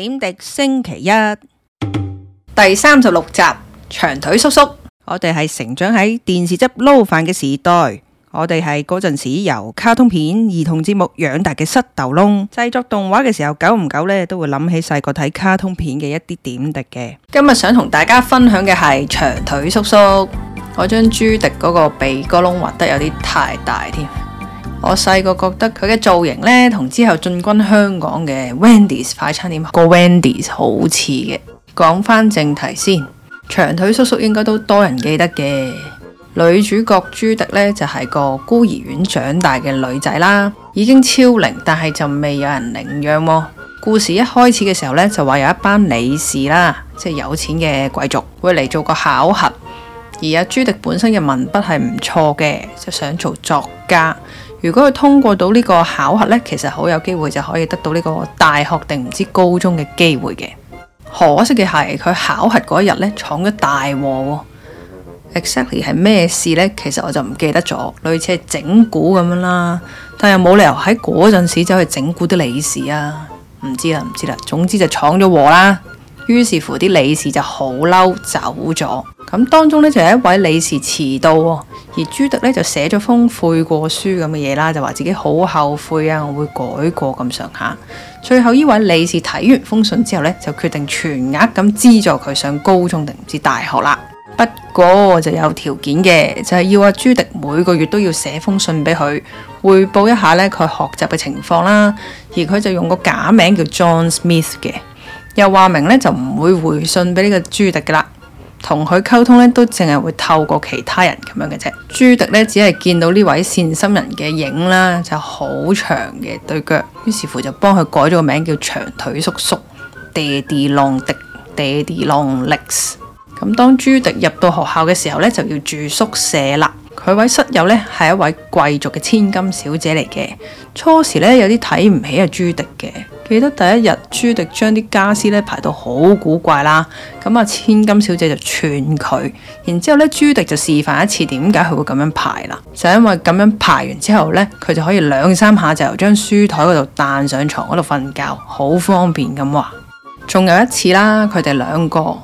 點滴星期一第三十六集長腿叔叔，我哋係成長喺電視汁撈飯嘅時代，我哋係嗰陣時由卡通片、兒童節目養大嘅膝頭窿。製作動畫嘅時候，久唔久呢都會諗起細個睇卡通片嘅一啲點滴嘅。今日想同大家分享嘅係長腿叔叔，我將朱迪嗰個鼻哥窿畫得有啲太大添。我細個覺得佢嘅造型呢，同之後進軍香港嘅 Wendy's 快餐店個 Wendy's 好似嘅。講翻正題先，長腿叔叔應該都多人記得嘅。女主角朱迪呢，就係、是、個孤兒院長大嘅女仔啦，已經超齡，但係就未有人領養、啊。故事一開始嘅時候呢，就話有一班理事啦，即、就、係、是、有錢嘅貴族會嚟做個考核。而阿、啊、朱迪本身嘅文筆係唔錯嘅，就想做作家。如果佢通過到呢個考核呢，其實好有機會就可以得到呢個大學定唔知高中嘅機會嘅。可惜嘅係佢考核嗰一日呢，闖咗大禍。Exactly 係咩事呢？其實我就唔記得咗，類似係整蠱咁樣啦。但又冇理由喺嗰陣時走去整蠱啲理事啊，唔知啦，唔知啦。總之就闖咗禍啦。於是乎啲理事就好嬲，走咗。咁當中咧就係一位理事遲到喎，而朱迪咧就寫咗封悔過書咁嘅嘢啦，就話自己好後悔啊，我會改過咁上下。最後呢位理事睇完封信之後咧，就決定全額咁資助佢上高中定唔知大學啦。不過就有條件嘅，就係要阿朱迪每個月都要寫封信俾佢，彙報一下咧佢學習嘅情況啦。而佢就用個假名叫 John Smith 嘅，又話明咧就唔會回信俾呢個朱迪㗎啦。同佢溝通咧，都淨係會透過其他人咁樣嘅啫。朱迪咧，只係見到呢位善心人嘅影啦，就好長嘅對腳，於是乎就幫佢改咗個名叫長腿叔叔。爹哋浪迪，爹哋浪力斯。咁當朱迪入到學校嘅時候咧，就要住宿舍啦。佢位室友咧，係一位貴族嘅千金小姐嚟嘅，初時咧有啲睇唔起阿朱迪嘅。記得第一日，朱迪將啲家私咧排到好古怪啦，咁啊千金小姐就串佢，然之後咧朱迪就示範一次點解佢會咁樣排啦，就因為咁樣排完之後咧，佢就可以兩三下就由張書枱嗰度彈上床嗰度瞓覺，好方便咁話。仲有一次啦，佢哋兩個，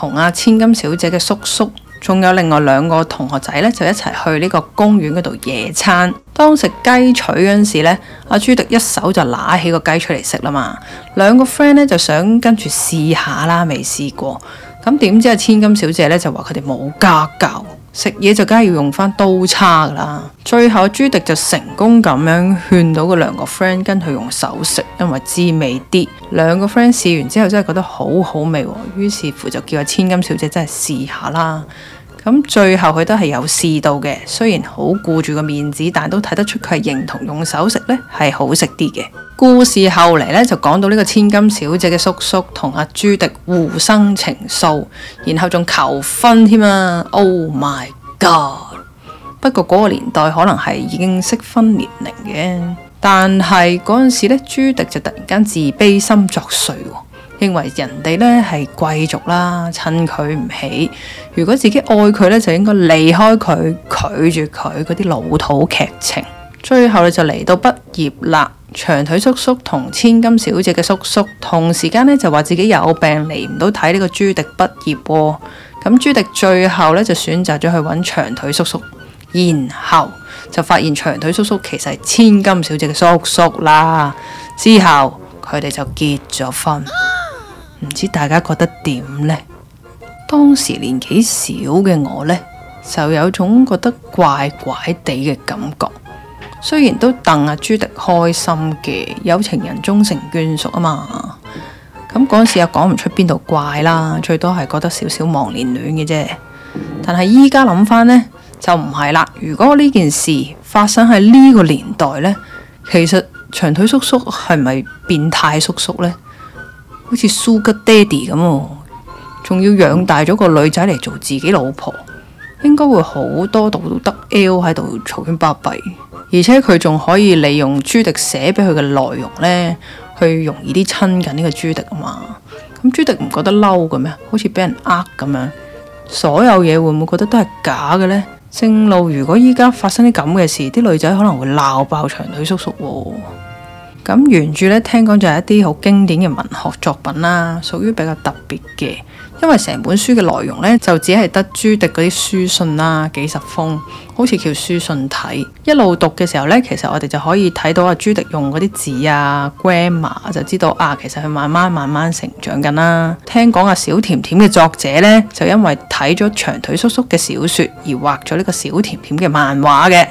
同阿千金小姐嘅叔叔，仲有另外兩個同學仔咧，就一齊去呢個公園嗰度野餐。當食雞腿嗰陣時咧，阿朱迪一手就拿起個雞出嚟食啦嘛。兩個 friend 咧就想跟住試下啦，未試過。咁點知阿千金小姐咧就話佢哋冇家教。食嘢就梗係要用翻刀叉噶啦，最後朱迪就成功咁樣勸到個兩個 friend 跟佢用手食，因為滋味啲。兩個 friend 試完之後真係覺得好好味，哦，於是乎就叫阿千金小姐真係試下啦。咁、嗯、最後佢都係有試到嘅，雖然好顧住個面子，但都睇得出佢係認同用手食呢係好食啲嘅。故事後嚟咧就講到呢個千金小姐嘅叔叔同阿朱迪互生情愫，然後仲求婚添啊！Oh my god！不過嗰個年代可能係已經適婚年齡嘅，但係嗰陣時咧，朱迪就突然間自卑心作祟，認為人哋咧係貴族啦，趁佢唔起。如果自己愛佢咧，就應該離開佢，拒絕佢嗰啲老土劇情。最後咧就嚟到畢業啦，長腿叔叔同千金小姐嘅叔叔同時間呢，就話自己有病嚟唔到睇呢個朱迪畢業喎。咁朱迪最後呢，就選擇咗去搵長腿叔叔，然後就發現長腿叔叔其實係千金小姐嘅叔叔啦。之後佢哋就結咗婚，唔知大家覺得點呢？當時年紀小嘅我呢，就有種覺得怪怪地嘅感覺。雖然都替阿、啊、朱迪開心嘅，有情人終成眷屬啊嘛。咁、嗯、嗰時又講唔出邊度怪啦，最多係覺得少少忘年戀嘅啫。但係依家諗翻呢，就唔係啦。如果呢件事發生喺呢個年代呢，其實長腿叔叔係咪變態叔叔呢？好似蘇吉爹哋咁，仲要養大咗個女仔嚟做自己老婆，應該會好多道德 L 喺度嘈喧巴閉。而且佢仲可以利用朱迪寫俾佢嘅內容呢，去容易啲親近呢個朱迪啊嘛。咁朱迪唔覺得嬲嘅咩？好似俾人呃咁樣，所有嘢會唔會覺得都係假嘅呢？正路如果依家發生啲咁嘅事，啲女仔可能會鬧爆長腿叔叔喎、哦。咁原著呢，聽講就係一啲好經典嘅文學作品啦，屬於比較特別嘅。因為成本書嘅內容呢，就只係得朱迪嗰啲書信啦、啊，幾十封，好似叫書信體。一路讀嘅時候呢，其實我哋就可以睇到阿朱迪用嗰啲字啊、grammar，就知道啊，其實佢慢慢慢慢成長緊啦、啊。聽講阿小甜甜嘅作者呢，就因為睇咗長腿叔叔嘅小說而畫咗呢個小甜甜嘅漫畫嘅。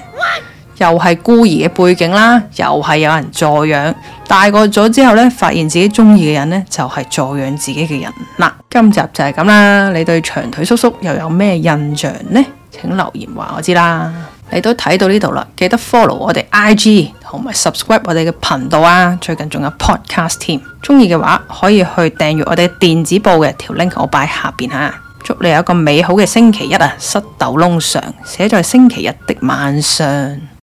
又係孤兒嘅背景啦，又係有人助養，大個咗之後咧，發現自己中意嘅人咧就係助養自己嘅人啦。今集就係咁啦，你對長腿叔叔又有咩印象呢？請留言話我知啦。你都睇到呢度啦，記得 follow 我哋 IG 同埋 subscribe 我哋嘅頻道啊。最近仲有 podcast 添，中意嘅話可以去訂閱我哋電子報嘅條 link，我擺下邊吓。祝你有一個美好嘅星期一啊！塞豆窿上寫在星期日的晚上。